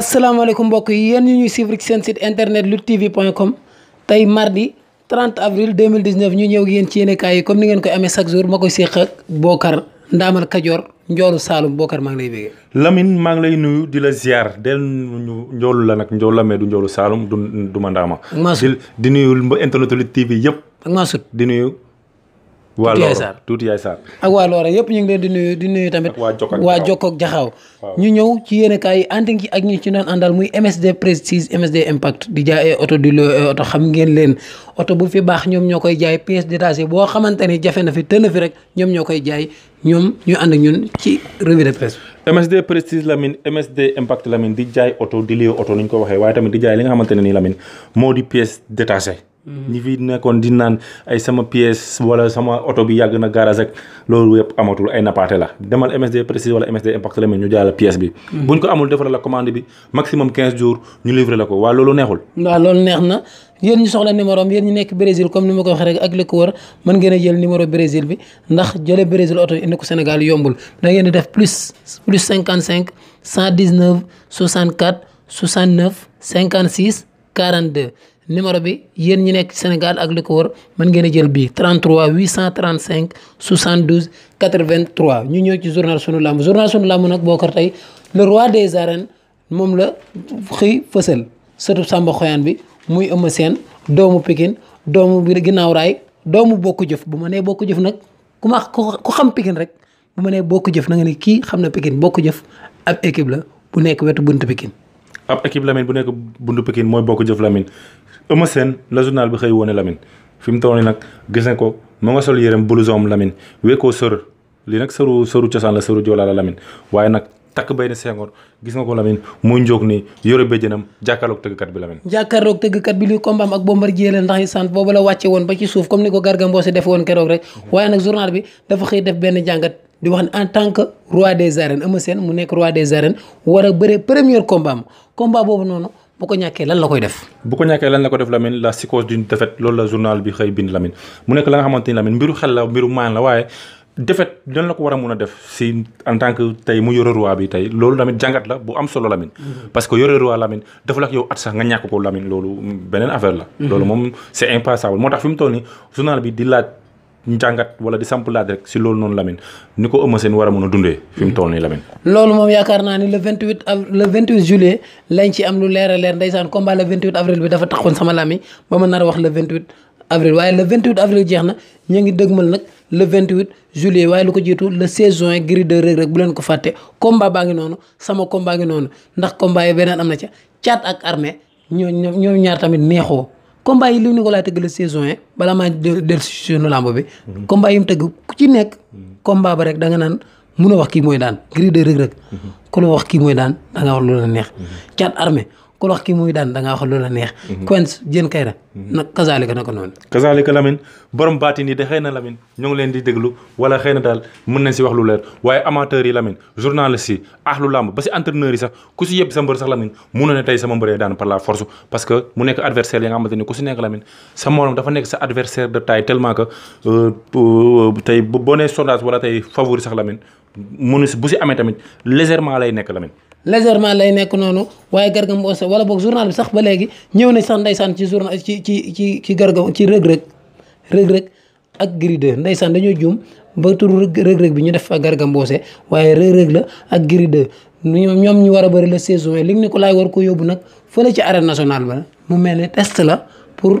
asalaamaaleykum mbokk yi yéen ñu ñuy suivre ci seen site internet luttetv.com tey mardi 30 avril 2019 ñu ñëw yéen ci yéenekaay yi comme ni ngeen koy amee chaque jour ma koy séq ak Bokar Ndaamal Kajoor Njoolu Saalum Bokar maa lay bégee. Lamine maa ngi lay nuyu di la ziar del ñu njoolu la nag njoolu la mais du njoolu Saalum du du ma Ndaama. di nuyu mba internet Lutte TV yëpp. a Massoud di nuyu. waa Looro tuuti yaay Sarr ak waa Looro yëpp ñu ngi leen di nuyu di tamit. waa Jokk ak waa Jokk ak Jaxaaw ñu ñëw ci yenn kaay yi ànd ak ñu ci doon àndal muy MSD Prestige MSD Impact di jaay oto di loo eh, oto xam ngeen leen oto bu fi baax ñoom ñoo koy jaay pièces détachées boo xamante ni jafe na fi tëna fi rek ñoom ñoo koy jaay ñoom ñu ànd ñun ci revue de presse. MSD Prestige Lamine MSD jaay oto di loo oto ni ñu ko waxee waaye tamit di jaay li nga xamante ne nii Lamine moo di pièces détachées Mhm. ñi fi nekkoon di ay sama pièce wala sama oto bi yàgg na garage ak loolu yëpp amatul ay nappaate la demal MSD précise wala MSD impact ñu jaay la bi. Mhm. buñ ko amul defal la commande bi maximum 15 jours ñu livrer la ko waa loolu neexul. waaw loolu neex na yéen ñu soxla numéro am yéen ñu nekk Brésil comme ni ma ko waxee ak li wër mën ngeen a jël numéro bi ndax jëlee Brésil oto indi ko Sénégal yombul da ngeen def plus plus numéro bi yéen ñi nekk Sénégal ak li ko wër mën ngeen a jël bii 33 835 72 83 ñu ñëw ci journal sunu làmb journal sunu làmb nag Bocar tey le roi des arènes moom la xëy fësal sëtu Samba Xoyaan bi muy Eumeu Sène doomu Pikine doomu bi ginnaaw raay doomu bokk jëf bu ma nee bokk jëf nag ku ma ku xam Pikine rek bu ma nee bokku jëf na nga ne kii xam na Pikine bokk jëf ab équipe la bu nekk wetu buntu Pikine ab équipe bu nekk buntu Pikine mooy bokk jëf Lamine Eumeu Sène la journal bi xëy woone Lamine fi mu toll nii nag gis na ko mu nga sol yérem blouson Lamine weekoo sër lii nag sëru sëru cosaan la sëru joolaa la Lamine waaye nag takk bay ni Senghor gis ko Lamine muy njóog ni yore béjjënam jàkkaarloog tëggkat bi Lamine jàkkaarloog bi li combat am ak Bombardier la boobu la wàcce woon ba ci suuf comme ni ko Garga Mbossé def woon keroog rek waaye nag journal bi dafa xëy def benn jàngat di wax ne en tant que roi des arènes Eumeu Sène mu nekk roi de arènes war a bëre premier combat am combat boobu noonu bu ko ñàkkee lan la koy def. bu ko ñàkkee lan la ko def Lamine la psychose d'une défaite loolu la journal bi xëy bind Lamine mu nekk la nga xamante ni mbiru xel la mbiru maan la waaye défaite lan la ko war a mun a def si en tant que tey mu yore roi bi tey loolu Lamine jàngat la bu am solo Lamine. Mm-hmm. parce que yore roi Lamine deful ak yow at sax nga ñàkk ko Lamine loolu beneen affaire la. Mm-hmm. loolu moom c'est impassable moo tax fi mu nii journal bi di laaj. njàngat wala di samp laaj rek si loolu noonu Lamine ni ko Eumeu Sène war a mën a dundee fi mu toll nii Lamine. loolu moom yaakaar naa ni le 28 av leer a leer ndeysaan combat le 28 avril bi dafa taxoon sama lami ba ma a wax le 28 avril waaye le 28 avril jeex na ñu ngi dëgmal nag le 28 juillet waaye lu ko jiitu le 16 juin Gris 2 Reug Reug bu leen ko fàtte combat baa ngi noonu sama combat ngi noonu ndax combat yi beneen am na ca caat ak armée ñoo ñoom ñaar tamit neexoo. combat yi li ni ko laa tëgg saison yi bala ma del si suñu lamb bi combat yi mu tëgg ku ci nekk combat ba rek da nga naan mun a wax kii mooy daan Gris de Reug Reug mhm. ku la wax kii mooy daan da nga lu la neex caat mhm. armée ku wax kii muy daan da ngaa wax lu la neex. Quench Diène Kaïré. nag kazaalika na ko noonu. kazaalika Lamine borom baatin yi de xëy na Lamine ngi leen di déglu wala xëy na daal mën nañ si wax lu leer waaye amateurs yi Lamine journalistes yi ahlu làmb ba si entraîneurs yi sax ku si yëpp sa mbër sax Lamine mun na ne tey sama mbëree daan par la force parce que mu nekk adversaire yi nga xamante ni ku si nekk Lamine sa morom dafa nekk sa adversaire de taille tellement que euh, euh, tey boo nee sondage wala tey favori sax Lamine mënu si bu si amee tamit légèrement lay nekk Lamine. légèrement lay nekk noonu waaye Garga Mbossé wala boog journal bi sax ba léegi ñëw na sax ndeysaan ci journal ci ci ci ci Garga ci rëg-rëg rëg-rëg ak gride 2 ndeysaan dañoo juum ba tur rëg-rëg bi ñu def fa Garga Mbossé waaye rëg-rëg la ak Gris 2 ñoom ñu war a bëri la saison yi li nga ni ko laay war ko yóbbu nag fële ci arène nationale ba mu mel test la pour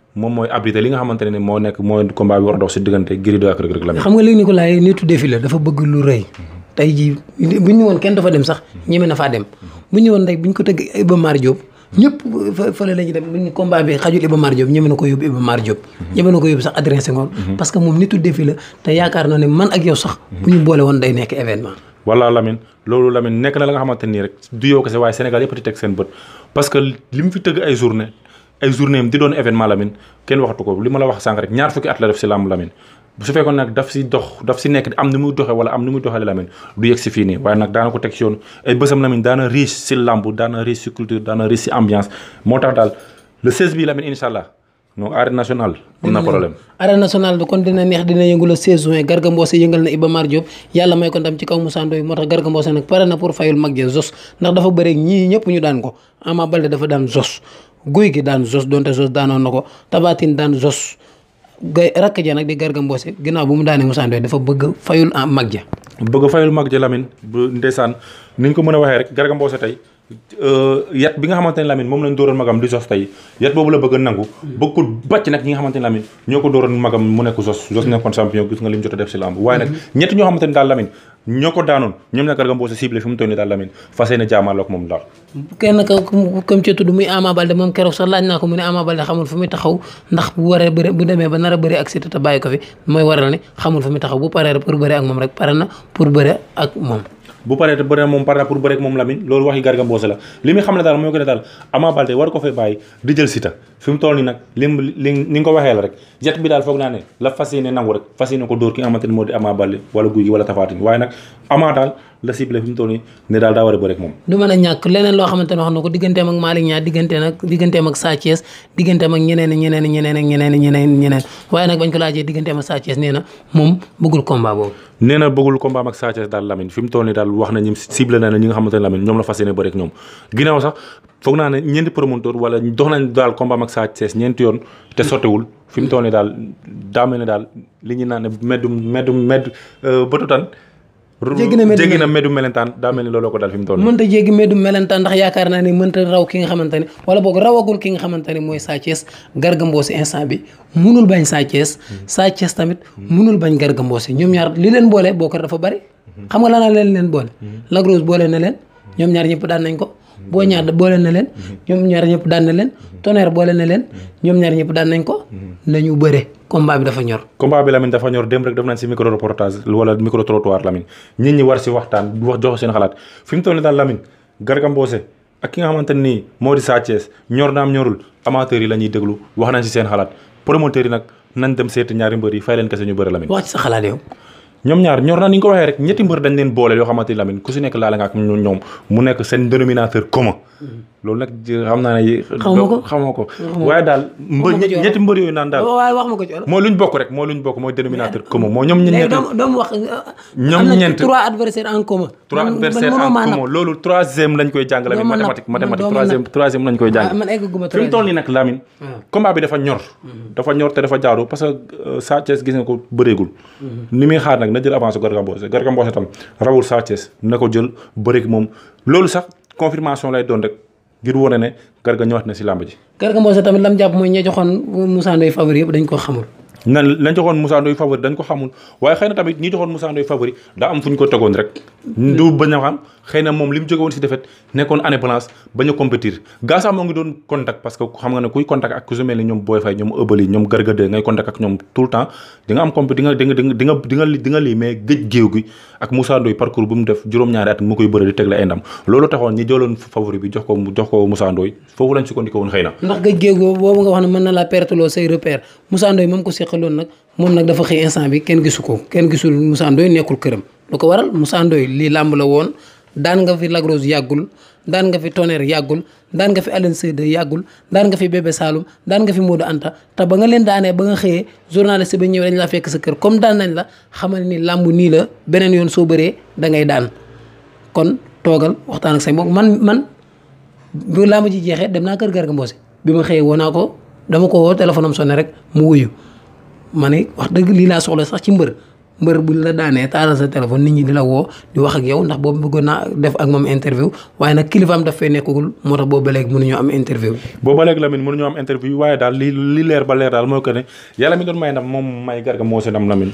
moom mooy abrité li nga xamante ne moo nekk mooy combat bi war a dox si diggante Gris 2 ak Reug Reug la. xam nga léegi ni ko laajee tey jii bu woon kenn dafa dem sax ñeme na dem bu ñu woon bu ñu ko tëgg Iba Mar Diop ñëpp fële la ñuy dem bu ñu combat bi xajul Iba Mar ko yóbbu Iba Mar Diop. ñeme na ko yóbbu que moom nitu défi naa ne man ak bu ñu boole woon day nekk événement. wala Lamine loolu Lamine nekk na la nga xamante nii rek du yow kese waaye Sénégal yëpp a teg seen bët parce que li mu fi tëgg ay journée ay journée am di doon événement Lamine kenn waxatu ko li ma la wax sànq rek ñaar fukki at la def si làmb Lamine su fekkoon nag daf si dox daf si nekk am ni muy doxee wala am ni muy doxalee Lamine du yegg si fii waaye nag daana teg si yoon daana riche si culture daana riche si ambiance moo tax daal le 16 bi Lamine incha allah non nationale am na problème arène nationale bi kon dina neex dina yëngu le 16 juin yëngal na Iba guy gi daan Zoss donte Zoss daanoon na ko Tabatine daan Zoss gay rakk ja nag di Garga Mbossé ginnaaw bu mu daanee Moussa Ndoye dafa bëgg fayul mag ja. bëgg fayul mag ja Lamine bu ndeysaan ni ñu ko a waxee rek Garga Mbossé tey euh, yat ne Lamine moom lañ dóoroon magam di Zoss tey yat boobu la bëgg a nangu. bëgg ko bàcc nag ñi nga xamante ne Lamine a def si lamb waaye nag mhm. ñett ñoo xamante ne daal ñoo ko daanoon ñoom la Garga Mbossé ciblé fi mu toll nii daal Lamine fas yéene jaamaarloo moom daal kenn ka comme ci tudd muy Ama Baldé moom keroog sax laaj naa ko mu ne Ama Baldé xamul fu muy taxaw bu ba nar a bëri ko fi mooy waral ne xamul fu muy taxaw bu paree pour bëri ak moom rek pare na pour bëri ak moom bu paree te bëri moom pare na pour bëri ak moom Lamine loolu waxi Garga Mbossé la li muy xam ne daal mooy ko ne daal Ama Baldé war ko fay bàyyi di jël Siteu fi mu toll nii nag lim li ni nga ko waxee la rek jet bi daal foog naa ne la fas yéene nangu rek fas yéene ko dóor ki nga xamante ne moo di Ama Baldé wala guy gi wala tafaatin nii ne daal daa war a bëre rek moom a ñàkk leneen ne wax na ko digganteem ak Malick Niang diggante nag waaye nag bañ ko laajee digganteem ak Sa Thiès moom bëggul combat boobu nee na bëggul combat ak daal Lamine fi toll nii daal wax na ñim ciblé na ñi nga xamante ne ñoom la fas yéene rek ñoom ginnaaw sax foog naa ne ñeenti promoteur wala dox nañ daal combat ak Sa Thiès ñeenti yoon te sottewul fi mu daal daa mel daal li ñu naan ne meddum meddum medd euh, bëtu tan jéggi na jéggi melentaan daa mel ni looloo ko daal fi mu toll mënta jéggi meddu melentaan ndax yaakaar naa ne mënta raw ki nga xamante ne wala boog rawagul ki nga xamante ne mooy Sa Thiès Garga Mbossé instant bi munul bañ Sa Thiès Sa Thiès tamit munul bañ Garga Mbossé ñoom ñaar li leen boole boo ko dafa bari mhm. xam nga laa leen leen boole mhm. Lac Rose boole na leen ñoom ñaar ñëpp daan nañ ko boo ñaar boole na leen. ñoom ñaar ñëpp daan na leen. tonnerre boole na leen. ñoom ñaar ñëpp daan nañ ko. nañu bëre combat bi dafa ñor. combat bi Lamine dafa ñor dem rek def nañ si micro reportage wala micro trottoir Lamine nit ñi war si waxtaan wax jox seen xalaat fi mu toll nii daal Lamine Garga Mbossé ak ki nga xamante nii moo di Sa Thiès ñor naam ñorul amateurs yi la ñuy déglu wax nañ si seen xalaat promoteurs yi nag nañ dem seeti ñaari mbër yi fay leen kese ñu bëri Lamine. wax ci sa xalaat yow. ñoom ñaar ñor na ni ñu ko waxee rek ñetti mbër dañ leen boole yoo xamante ni Lamine ku si nekk laala nga ak ñoom mu nekk seen dénominateur commun loolu nag xam naa ne. xamoo ko xamoo ko waaye daal. mbër ñetti mbër yooyu naan daal waaye wax ma ko ci wala. mooy luñ bokk rek mooy luñ bokk mooy dénominateur commun mooy ñoom ñeent. léegi doom wax. Euh, trois adversaires en commun. trois adversaires en commun loolu troisième lañ koy jàngale. doomu mathématique mathématique troisième troisième lañ koy ah, jàng. man eggaguma fi mu toll nii nag Lamine. Ah. combat dafa ñor. Mhm. dafa ñor te dafa jaaru parce que euh, Sa Thiès gis nga ko bëreegul. Mhm. ni muy xaar nag na jël avance Garga Mbossé Garga Mbossé tam rawul Sa Thiès na ko jël bëreeg moom loolu sax confirmation lay doon rek ngir wane ne Garga ñëwaat na si làmb ji. Garga Mbossé tamit lam jàpp mooy ña joxoon Moussa Ndoye favori yëpp dañ ko xamul. nan lañ joxoon Moussa Ndoye favori dañ ko xamul waaye xëy na tamit ñi joxoon Moussa Ndoye favori daa am fu ñu ko tegoon rek du bañ xam xëy moom li mu jóge si défaite nekkoon année balance bañ compétir gaa sax moo ngi doon contact parce que xam nga ne kuy contact ak ku ni koy bëre di teg la ay loolu taxoon ñi jëloon favori bi jox ko jox ko Moussa Ndoye foofu lañ woon xëy ndax géej géew gi boobu nga wax ne mën na laa perteloo say repère Moussa Ndoye moom ko seqaloon nag moom nag dafa xëy instant bi kenn gisu ko kenn gisul Moussa Ndoye nekkul këram lu ko waral Moussa Ndoye lii làmb la woon daan nga fi Lac yàggul daan nga fi toneer yàggul daan nga fi Alioune Seye yàggul daan nga fi Bébé saalum daan nga fi Modou Anta te ba nga leen daanee ba nga xëyee journaliste ba ñëwee dañ laa fekk sa kër comme daan nañ la xamal ni làmb nii la beneen yoon soo bëree dangay daan kon toogal waxtaan ak say mbokk man man bu làmb ci jeexee dem naa kër Garga Mbossé bi ma xëyee woo naa ko dama ko woo téléphone am sonné rek mu ma ne wax dëgg lii soxla sax ci mbër mbër buñ la daanee taalal sa téléphone nit ñi di la woo di wax ak yow ndax boobu bëggoon naa def ak moom interview waaye nag kilifaam daf fay nekkagul moo tax boobu ba léegi mënuñoo am interview. boobu ba léegi Lamine mënuñoo am interview waaye daal li li leer ba leer daal mooy que ne yàlla mi doon may ndam moom may Garga moo si ndam Lamine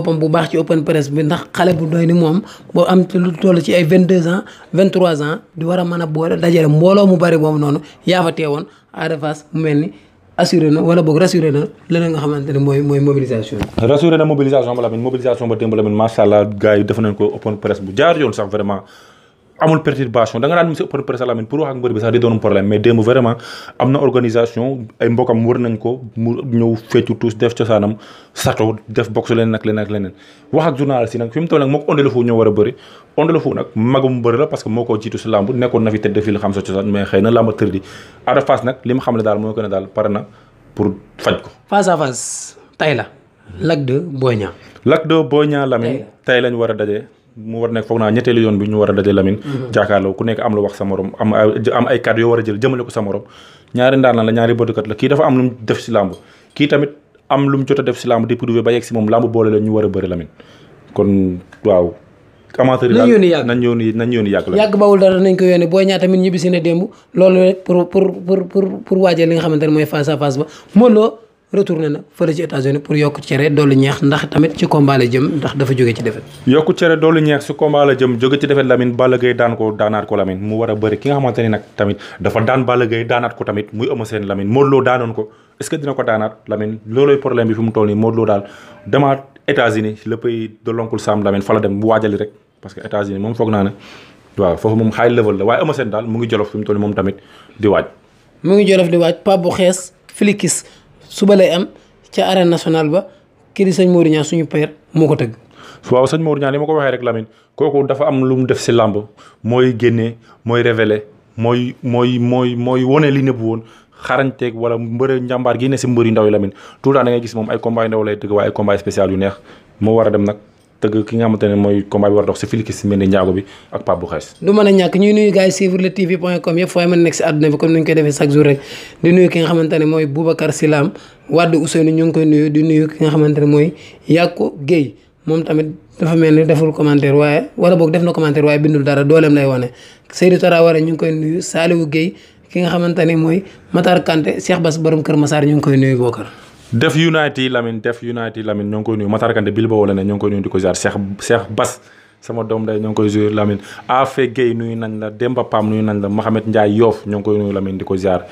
boppam bu baax ci open presse bi ndax xale bu doy ni moom boo am lu toll ci ay vingt deux ans vingt trois ans di war a mën a boole dajale mbooloo mu bari boobu noonu yaa teewoon Ada mu mel ni assuré na wala boog rassuré na leneen nga xamante ne mooy mobilisation bi. na mobilisation ba Lamine mobilisation ba démb Lamine yi def nañ ko open presse bu jaar yoon sax vraiment. amul perturbation da nga naan monsieur Open Presse Lamine pour wax ak mbër bi sax di doon problème mais démb vraiment am na organisation ay mbokkam wër nañ ko mu ñëw feccu tuus def cosaanam sato def box leneen ak leneen ak leneen wax ak journaliste yi nag fi mu toll nag moo ko Ondé Lofou ñoo war a bëri Ondé Lofou nag magum bëri la parce que moo ko jiitu si làmb nekkoon na fi tëdd fi la xam sa cosaan mais xëy na làmb tër Fass nag li xam la Lac war a dajee mu war nekk foog naa ñetteelu yoon bi ñu war a daje Lamine mhm. jaakaarloo ku nekk am lu wax sa morom am ay kàddu yoo war a jël jëmale ko sa morom ñaari ndaanaan la ñaari bodukat la kii dafa am lu def si làmb kii tamit am lu mu jot a def si làmb di prouvé ba yegg si moom la ñu war a bëri Lamine kon waaw amateur nañ nañ yónni nañ yàgg la yàgg bawul dara nañ ko yónni booy ñaa tamit ñibbi si ba Modou Lo retourné na fële ci États-Unis pour yokk cere dolli ñeex ndax tamit ci combat jëm ndax dafa jóge ci defet yokku cere dolli ñeex si combat jëm jóge ci defet Lamine Balla Gaye daan ko daanaat ko Lamine muy Eumeu Sène Lamine Modou Lo daanoon ko est dina ko daanaat Lamine loolooy problème bi fi toll nii Modou Lo daal demaat États-Unis le pays de l'oncle Sam dem bu waajali rek parce que unis moom foog naa ne waaw foofu moom high level la waaye suba lay am ca arène nationale ba kii di sëñ Modou suñu père moo ko tëgg. waaw sëñ Modou Niang li ma ko waxee rek lamin kooku dafa am lu mu def si làmb mooy génnee mooy révélé mooy mooy mooy mooy wone li nëbbu woon xarañteeg wala mbër njàmbaar gi ne si mbër yu ndaw yi Lamine tout le temps da gis moom ay combat ndaw lay tëgg waaye ay combat spécial yu neex moo war a dem nag. tëgg ki nga xamante ne mooy combat bi war a dox si Félix Sembène Ndiago bi ak Pape Bou Xees du mën a ñàkk ñuy nuyu gars yi suivre le rek di nuyu ki nga xamante mooy Boubacar Silam moom tamit dafa mel ni deful commentaire waaye wala boog def na commentaire waaye bindul dara dooleem lay wane Seydou Traoré ñu ngi koy nuyu Saliou Guèye ki nga xamante ne mooy Matar Kanté Cheikh Bass borom Kër Massar ñu ngi koy nuyu Bokar def United Lamine def United Lamine ñoo ngi koy nuyu Matar Kanté Bilbao la ne ñoo ngi koy nuyu di ko ziar Cheikh Bas sama doom day ñoo ngi koy ziar Lamine Afe Gueye nañ la Demba Pam nuyu nañ la Mohamed Ndiaye Yoff ñoo koy nuyu Lamine di ko ziar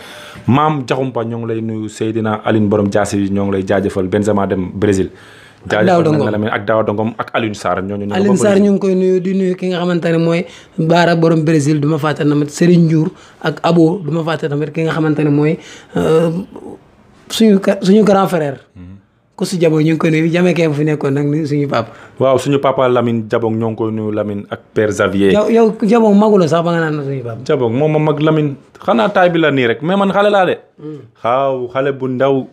Maam Jaxumpa ñoo ngi lay nuyu Seydina alin borom jaasi yi ñoo ngi lay jaajëfal Benzema dem Brésil jaajëfal nañ la Lamine ak Daaw Dongom ak Alioune Sarr ñooñu Alioune Sarr koy nuyu di nuyu ki nga xamante ne mooy Baara borom Brésil du ma fàtte tamit Serigne Ndiour ki nga xamante ne mooy euh, suñu suñu grand frère. Mhm. ku si jaboo ñu ngi koy nuyu jamekee bu fi nekkoon nag ni suñu papa. waaw suñu papa lamin Jabong ñoo ngi koy nuyu Lamine ak père Xavier. yow yow Jabong maguloo sax ba nga naan suñu papa. Jabong moom ma mag Lamine xanaa taay bi la nii rek mais man xale laa de. Mm. xale bu ndaw.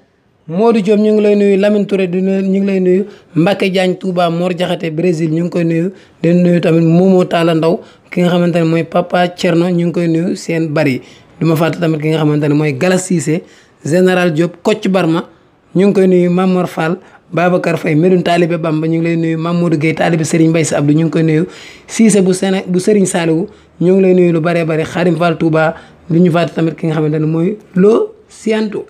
Modou Diop ñu ngi lay nuyu Lamine Touré di ñu ngi lay nuyu Mbacke Diagne Touba Mor Jaxate Brésil ñu ngi koy nuyu di nuyu tamit Momo Talla Ndaw ki nga xamante ne mooy papa Thierno ñu ngi koy nuyu seen bari du ma fàtte tamit ki nga xamante ne mooy Galas Cissé général Diop Kocc Barma ñu ngi koy nuyu Mamor Fall Babacar Faye Medoune Talibe Bamba ñu ngi lay nuyu Mamadou Gueye Talibe Serigne Mbaye Sy Abdou ñu ngi koy nuyu. Cissé bu Séné bu Serigne Saliou ñu ngi lay nuyu lu bëree bëri Xarim Fall Touba bi ñu fàtte tamit ki nga xamante ne mooy Lo Sianto.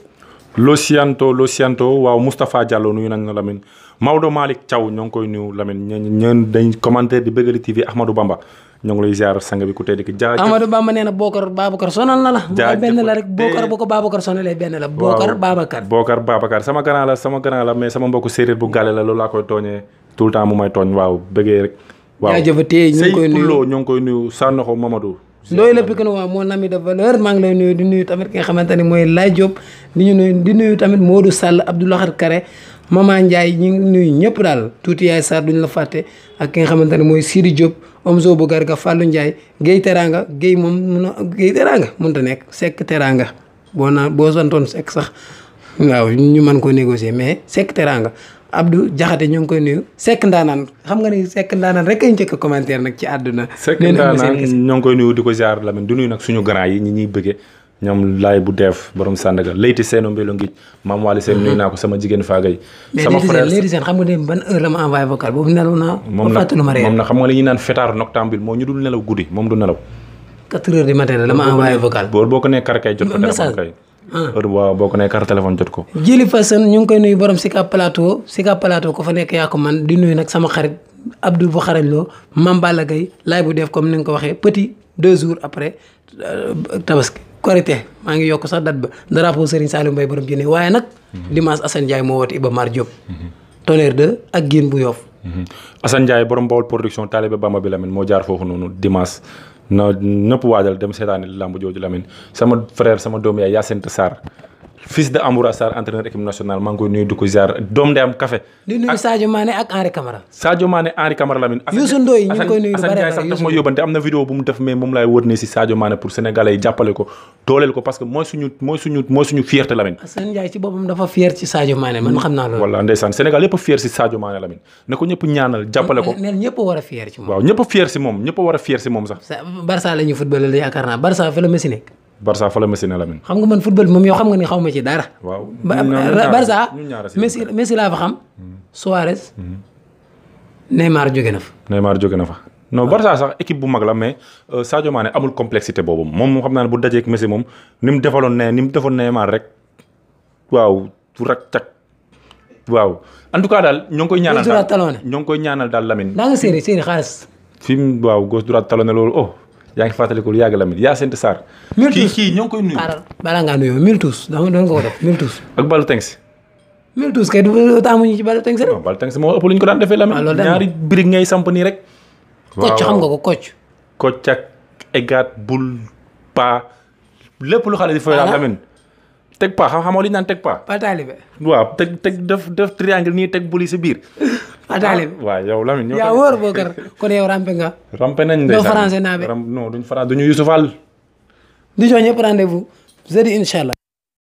loo Sianto Lo Sianto waaw Moustapha Diallo nuyu nañ la Lamine Maodo Malick Thiaw ñoo ngi koy nuyu Lamine ñooñu ñoom dañ commentaire di Bégali TV Ahmadou Bamba. ñoo ngi lay ziar sang bi ku tedd ki jaajëf Amadou Bamba nee na Bokar Babacar sonal na la Bokar bu sonalee benn la Bokar Babacar sama grand la sama grand la mais sama mbokk séeréer bu gàlle la loolu laa koy tooñee tout le temps mu may tooñ waaw bëggee rek waaw jaajëf tey ñu koy nuyu Sey ñoo ngi koy nuyu Sanoxo la Pikine waaw mon ami de valeur maa ngi lay nuyu di nuyu tamit ki nga xamante ni mooy Laye Diop di ñu nuyu di nuyu tamit Modou Sall Abdoulakhar Kare Maman Ndiaye ñu ngi nuyu ñëpp daal tuuti yaay Sarr duñu la fàtte ak ki nga xamante ne mooy Sidi Diop Omzo bu a Fallou Ndiaye Guèye Teranga Guèye moom mun a Guèye Teranga mënut nekk Seck Teranga boo naan boo santoon Seck sax waaw ñu mën koo négocier mais Seck Teranga Abdou Diakhaté ñu ngi koy nuyu Seck Ndaanaan xam nga ni Seck Ndaanaan rek ay njëkk a commentaire nag ci àdduna. Seck Ndaanaan ñoo ngi koy nuyu di ko ziar Lamine du nuyu nag suñu grand yi ñi ñuy bëggee. ñoom laay bu deef borom Sandaga layti seeno mbélo ngij maam Waly Seen nuyu naa ko sama jigéen faagay sama frère layti seen xam nga ne ban heure la ma envoyé vocal boobu nelaw naa moom na xam nga li ñuy naan fêtard noctambule moo ñu dul nelaw guddi moom du nelaw quatre heures du matin la ma envoyé vocal boo ko nee kar kay jot ko téléphone kay ah. heure waaw boo ko nee kar ko jëli fasan ñu ngi koy nuyu borom Sika Plateau Sika Plateau ko fa nekk yaa ko man di nuyu nag sama xarit Abdou bu xarañ loo Mame Balla laay bu def comme ni nga ko waxee petit deux jours après euh, tabaski korité maa ngi yokk sax dat ba drapeau Serigne Saliou Mbaye borom jinne waaye nag dimanche mhm. Assane Ndiaye moo woote Iba Mar Diop mhm. tonnerre de ak Guine bu Yoff mhm. Assane Ndiaye borom Bawol production taalibe Bamba bi Lamine moo jaar foofu noonu dimanche na ñëpp waajal dem seetaani lamb jooju Lamine sama frère sama doom yaay Yacine Sarr fils de Amoura Sarr entraîneur équipe nationale maa ngi koy nuyu di ko ziar doom ndeyam café di nuyu Sadio Mané ak Henri Camara Sadio Mané Henri Camara Lamine Youssou Ndoye ñu ngi na vidéo bu mu def si Sadio Mané pour sénégalais a fier si Sadio Mané Lamine ne ko ñëpp ñaanal jàppale ko neen ñëpp war a ci moom waaw ñëpp a la yaakaar naa Barça fa la Barça fa la Messi ne la mel. xam nga man football bi moom yow xam nga ni xaw ma ci dara. waaw Barça Messi Messi laa fa xam. Mm-hmm. Suarez. Mm-hmm. Neymar jóge na fa. Neymar jóge na fa. non ah. Barça sax équipe bu mag la mais euh, Sadio Mané amul complexité boobu moom moom xam naa ne bu dajee ak Messi moom ni mu defaloon ne ni mu defoon Neymar rek waaw rak cak waaw en tout cas daal ñoo ngi koy. ñaanal daal ñoo ngi koy ñaanal daal Lamine. daa nga séeréer séeréer xaalis. fi mu waaw gauche droite talonné loolu oh. yaa ngi fàttaliku lu yàgg Lamine yaa sent Sarr. kii kii ñoo ngi koy nuyu. balaa ngaa nuyoo Miltus da nga doon ko def Miltus. ak Balotelli. Miltus kay du taamuñu ci Balotelli rek. moo ëpp lu ko daan defee Lamine. Ah, ñaari briques ngay samp nii rek. kocc xam nga ko kocc. kocc ak égaat bul pa lépp lu xale di fooy daal Lamine. teg pa xam-xamoo li ñu naan teg pa. pa taalibe. waaw teg teg def def triangle nii teg buli si biir. ataale ah, bi ah, yow Lamine ñëw yaa wóor boo kër kon yow rampe nga. rampe nañ de doo français naa be. non ñu français duñu ñu di jox ñëpp rendez vous jeudi incha allah.